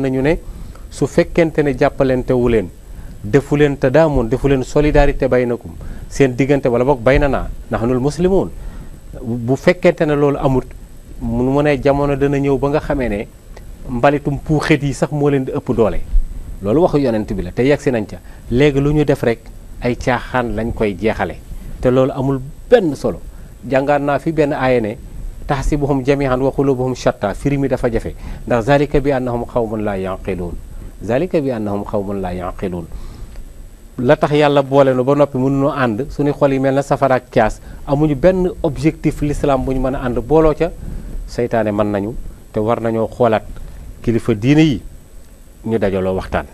nañu ne su fekkente ne jàppalente leen defu leen te daamoon defu leen solidarité baynakum seen diggante wala boog bay na naa naxnul muslimoon bu fekkente ne loolu amut mu ne jamono dana ñëw ba nga xamee ne mbalitum puuxet yi sax moo leen di ëpp doole loolu wax yonent bi la te yegsi nañ ca léegi lu ñu def rek ay caaxaan lañ koy jeexale te loolu amul benn solo jàngaat naa fi benn aaya ne taxsibuhum jamian wa qulubuhum shatta firi mi dafa jafe ndax zalika bi xaw xawmun laa yanqiluun zalika bi annahum xawmun laa yanqiluun la tax yàlla boole nu ba noppi mënuñoo ànd suñu xol yi mel na safara ak caas amuñu benn objectif l'islam bu ñu mën a ànd booloo ca seytaane mën nañu te war nañoo xoolaat kilifa diine yi ñu dajaloo waxtaan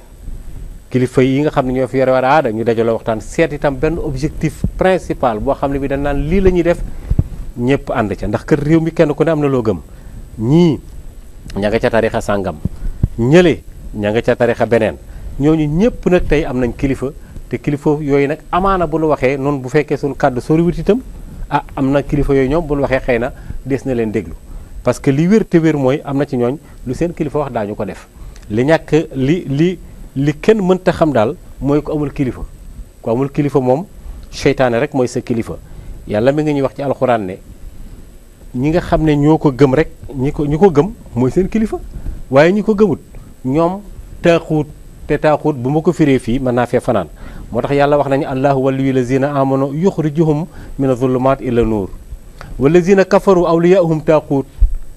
kilifa yi nga xam ne ñoo fi yore war aada ñu dajaloo waxtaan seet itam benn objectif principal boo xam ne bi dañ naan lii la ñuy def ñëpp ànd ca ndax kër réew mi kenn ku ne am na loo gëm ñii ña nga ca tarixa sàngam ñële ña nga ca tarixa beneen ñooñu ñëpp nag tey am nañ kilifa te kilifa yooyu nag amaana bu la waxee noonu bu fekkee suñu kàddu soriwut itam ah am na kilifa yooyu ñoom bu la waxee xëy na des na leen déglu parce que li wér te wér mooy am na ci ñooñ lu seen kilifa wax daañu ko def li ñàkk li li li kenn mënta xam daal mooy ku amul kilifa ku amul kilifa moom seytaane rek mooy sa kilifa yàlla mi nga ñuy wax ci alxuraan ne ñi nga xam ne ñoo ko gëm rek ñi ko ñi ko gëm mooy seen kilifa waaye ñi ko gëmut ñoom taaxuut te taaxuut bu ma ko firee fii mën naa fee fanaan moo tax yàlla wax nañu allahu waliyu lazina amanu yuxrijuhum min azulumat ila nuur walazina kafaru awliyaahum taaxuut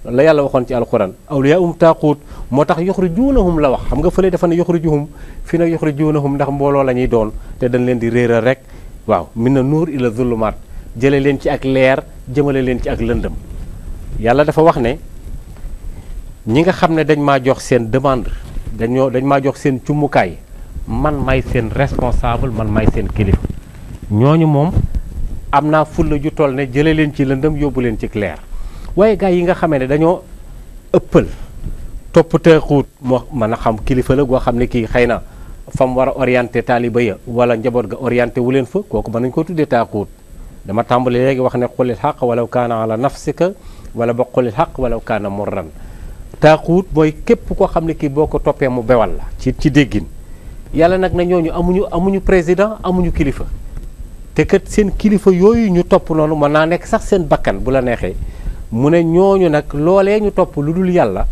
la yàlla waxoon ci alxuraan awliyaahum taaxuut moo tax yuxrijuunahum la wax xam nga fële dafa ne yuxrijuhum fi nag yuxrijuunahum ndax mbooloo lañuy ñuy doon te dañ leen di réeral rek waaw min na nuur ila zulumat jële leen ci ak leer jëmale leen ci ak lëndëm yàlla dafa wax ne ñi nga xam ne dañ maa jox seen demande dañoo dañ maa jox seen cummukaay man may seen responsable man may seen kilifa ñooñu moom am naa fulla ju toll ne jële leen ci lëndëm yóbbu leen ci leer waaye gars yi nga xamee ne dañoo ëppal topp xuut moo mën a xam kilifa la goo xam ne kii xëy na fam war a orienté taaliba ya wala njaboot ga orienté wu leen fa kooku mën nañ ko tuddee taaxuut dama tàmbali léegi wax ne xulil xaq walaw kaana ala nafsika wala ba xulil xaq walaw kaana murran taaxuut mooy képp koo xam ne kii boo ko toppee mu bewal la ci ci déggin yàlla nag na ñooñu amuñu amuñu président amuñu kilifa te kat seen kilifa yooyu ñu topp noonu mën naa nekk sax seen bakkan bu la neexee mu ne ñooñu nag loolee ñu topp lu dul yàlla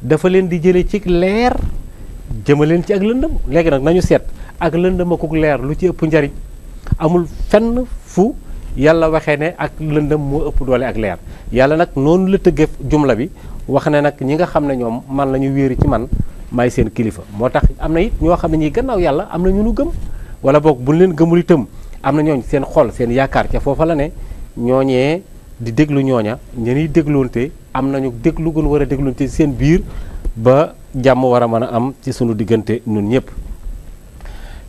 dafa leen di jële ci leer jëma leen ci ak lëndëm léegi nag nañu seet ak lëndëm leer lu ci ëpp njariñ amul fenn fu yàlla waxee ne ak lëndëm moo ëpp doole ak leer yàlla nag noonu la tëggee jumla bi wax ne nag ñi nga xam ne ñoom man la ñu wéeru ci man maay seen kilifa moo tax am na it ñoo xam ne ñi gannaaw yàlla am na ñu nu gëm wala boog buñ leen gëmul itam am na ñooñ seen xol seen yaakaar ca foofa la ne ñooñee di déglu ñooña ñeniy dégloonte am nañu déglu gun war a dégloonte seen biir ba jàmm war a mën a am ci sunu diggante ñun ñëpp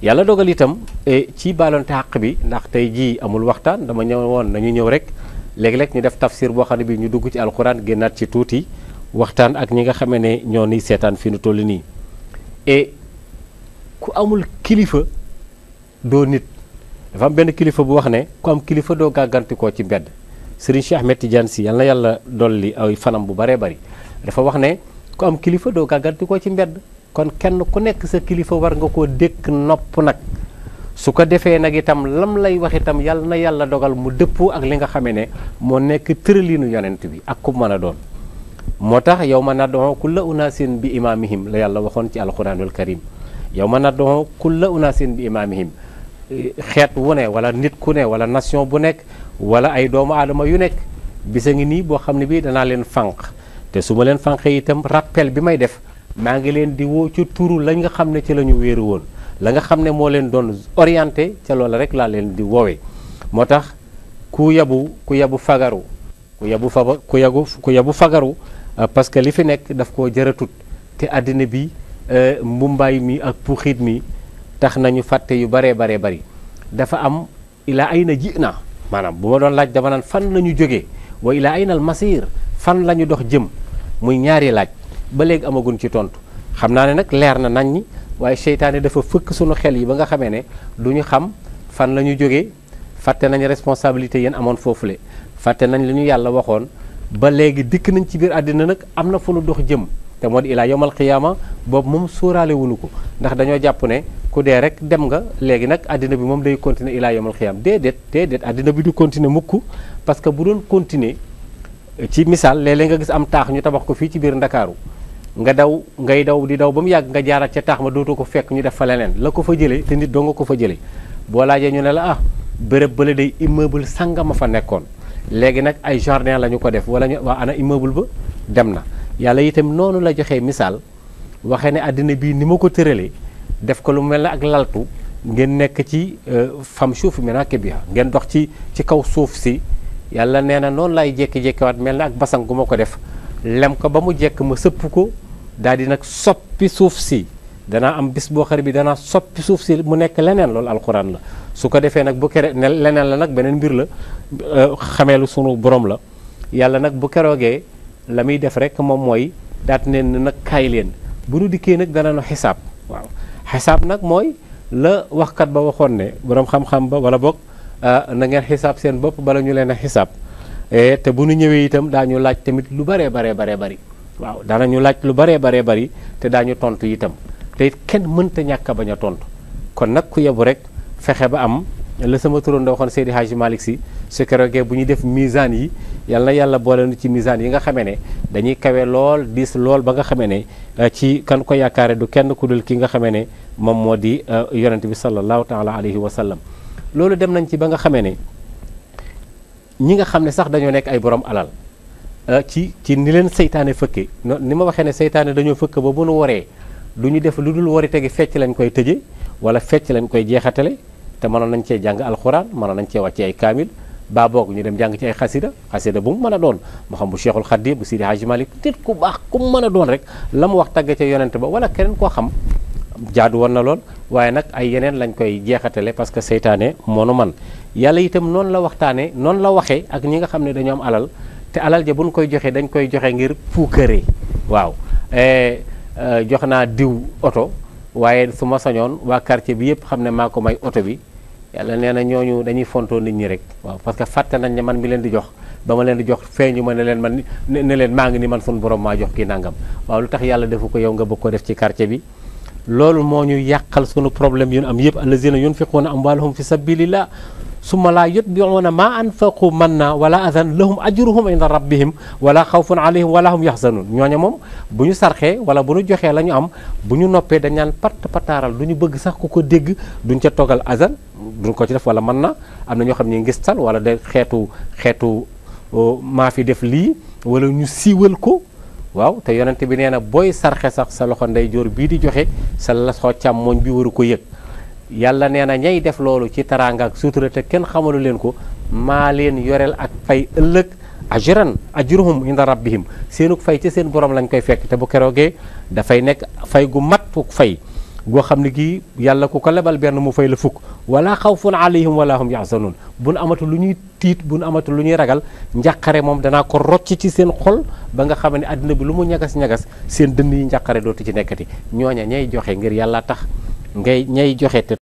yàlla dogal itam eh, ci baalonte xàq bi ndax tey jii amul waxtaan dama ñëw woon nañu ñëw rek léeg-léeg ñu def tafsir boo xam ne bi ñu dugg ci alxuraan génnaat ci tuuti waxtaan ak ñi nga xamee ne ñoo ni seetaan fi nu toll nii eh, ku amul kilifa doo nit dafa am benn kilifa bu wax ne ku am kilifa doo gàggantikoo ci mbedd Serigne si Ahmed Tidiane Sy yal na yàlla dolli ay fanam bu baree bari dafa wax ne ku am kilifa doo gàggantikoo ci mbedd kon kenn ku nekk sa kilifa war nga koo dékk nopp nag su ko defee nag itam lam lay wax itam yàlla na yàlla dogal mu dëppoo ak li nga xamee ne moo nekk tëraliinu yonent bi ak ku mën a doon moo tax yow ma nad'u kulla unaasin bi imaamihim la yàlla waxoon ci alquranul karim yow ma nad'u kulla unaasin bi imaamihim xeet wu ne wala nit ku ne wala nation bu nekk wala ay doomu aadama yu nekk bisa ngi nii boo xam ne bii danaa leen fànq te su ma leen fànqee itam rappel bi may def maa ngi leen di woo ci tuuru lañ nga xam ne ci la ñu wéeru woon la nga xam ne moo leen doon orienté ca lool rek laa leen di woowee moo tax ku yabu ku yabu fagaru ku yabu ku yabu ku yabu fagaru euh, parce que li fi nekk daf koo jëratut te àddina bi euh, mbumbaay mi ak puuxit mi tax nañu fàtte yu baree baree bari dafa am ilaa ay na ji na maanaam bu ma doon laaj dama naan fan la ñu jógee wa ilaa ay nal masir fan la ñu dox jëm muy ñaari laaj ba léegi amaguñ ci tontu xam naa ne nag leer na nañ ñi waaye seytaane dafa fëkk sunu xel yi ba nga xamee ne du ñu xam fan la ñu jógee fàtte nañu responsabilité yéen amoon foofu le fàtte nañ li ñu yàlla waxoon ba léegi dikk nañ ci biir àddina nag am na fu lu dox jëm te moo di ilaa yomal xiyaama boobu moom sóoraale ko ndax dañoo jàpp ne ku dee rek dem nga léegi nag àddina bi moom day continuer ilaa yomal xiyaama déedéet déedéet àddina bi du continuer mukk parce que bu doon continuer ci misaal léeg-léeg nga gis am taax ñu tabax ko fii ci biir Ndakaaru nga daw ngay daw di daw ba mu yàgg nga jaaraat ca taax ma dootoo ko fekk ñu def fa leneen la ko fa jëlee te nit doo nga ko fa jëlee boo laajee ñu ne la ah bërëb bële day immeuble sangama fa nekkoon léegi nag ay jardin la ñu ko def wala waa ana immeuble ba dem na yàlla itam noonu la joxee misaal waxee ne àddina bii ni ma ko tëralee def ko lu mel ne ak laltu ngeen nekk ci euh, fam suuf menake bi ngeen dox ci ci kaw suuf si yàlla nee na noonu lay jékki-jékkiwaat mel na ak basan ko def ko ba mu jekk ma sëpp ko daal di nag soppi suuf si danaa am bis boo xar bi danaa soppi suuf si mu nekk leneen loolu alxuraan la su ko defee nag bu kere leneen la nag beneen mbir la euh, xameelu sunu borom la yàlla nag bu keroogee la muy def rek moom mooy daat neen ne nag kaay leen bu nu dikkee nag dana nu xisaab waaw xisaab nag mooy la waxkat ba waxoon ne boroom xam-xam ba wala boog euh, na ngeen xisaab seen bopp bala ñu leen a xisaab eh, te bu nu ñëwee itam daañu laaj tamit lu baree baree baree bari waaw ñu laaj lu baree baree bari te daa ñu tontu itam te it kenn mënta ñàkk bañ a tontu kon nag ku yebu rek fexe ba am la sama turóon da waxoon Seydi Hadji Malick Sy su keroogee bu ñu def misaan yi yal na yàlla boole nu ci misaan yi nga xamee ne dañuy kawe lool diis lool ba nga xamee ne euh, ci kan ko yaakaare du kenn ku dul ki nga xamee ne moom moo di euh, yonent bi sallallahu taala alayhi wa sallam loolu dem nañ ci ba nga xamee ne ñi nga xam ne sax dañoo nekk ay borom alal Euh, ci ci ni leen seytaane fëkke ni ma waxee ne seytaane dañoo fëkk ba bu nu waree du ñu def lu dul warite gi fecc lañ koy tëje wala fecc lañ koy jeexatale te mënoon nañ cee jàng alxuraan mënoon nañ cee wàcce kaamil baa boog ñu dem jàng ci ay xasida xasida bu mu mën a doon mu xam bu Cheikhul Khadim bu Sidi Hadji Malick nit ku baax ku mu mën a doon rek la mu wax tagg ca yonent ba wala keneen koo xam jaadu woon na lool waaye nag ay yeneen lañ koy jeexatale parce que seytaane moo nu man yàlla itam noonu la waxtaanee noonu la waxee ak ñi nga xam ne dañoo am alal te alal ja buñ koy joxee dañ koy joxe ngir puukare waaw eh, eh, jox naa diw oto waaye su ma sañoon waa quartier bi yëpp xam ne maa ko may oto bi yàlla nee na ñooñu dañuy fontoo nit ñi rek waaw parce que fàtte nañ ne man mi leen di jox ba ma leen di jox feeñu ma ne leen man ne leen maa ngi ni man suñu borom maa jox kii nangam waaw lu tax yàlla defu ko yow nga bëgg ko def ci quartier bi loolu moo ñu yàqal sunu problème yu am yëpp allazina yunfiquuna amwaalahum fi sabilillah su summa laa yutbiuuna maa an anfaqu man na wala azan lahum ajruhum inda rabbihim wala xawfun alayhim wala hum yaxzanun ñooña moom bu ñu sarxee wala bu ñu joxee la ñu am bu ñu noppee dañ naan pataaral du ñu bëgg sax ku ko dégg duñ ca toggal azan duñ ko ci def wala man na am na ñoo xam ne ngistal wala de xeetu xeetu maa fi def lii wala ñu siiwal ko waaw te yonent bi nee na booy sarxee sax sa loxo ndeyjoor bii di joxe sa loxo càmmooñ bi waru ko yëg yàlla nee na ñay def loolu ci taraanga ak sutura kenn xamalu leen ko maa leen yoreel ak fay ëllëg ajran ajruhum inda rabbihim seenuk fay ci seen borom lañ koy fekk te bu keroogee dafay nekk fay gu mat fukk fay goo xam ne gii yàlla ku ko lebal benn mu fay la fukk wala xawfun alayhim wala hum yaxsanun buñ amatu lu ñuy tiit bu buñ amatu lu ñuy ragal njaqare moom danaa ko rocc ci seen xol ba nga xam ne àddina bi lu mu ñagas ñagas seen dënn yi njàqare dootu ci nekkati ñooña ñay joxe ngir yàlla tax ngay ñay joxe te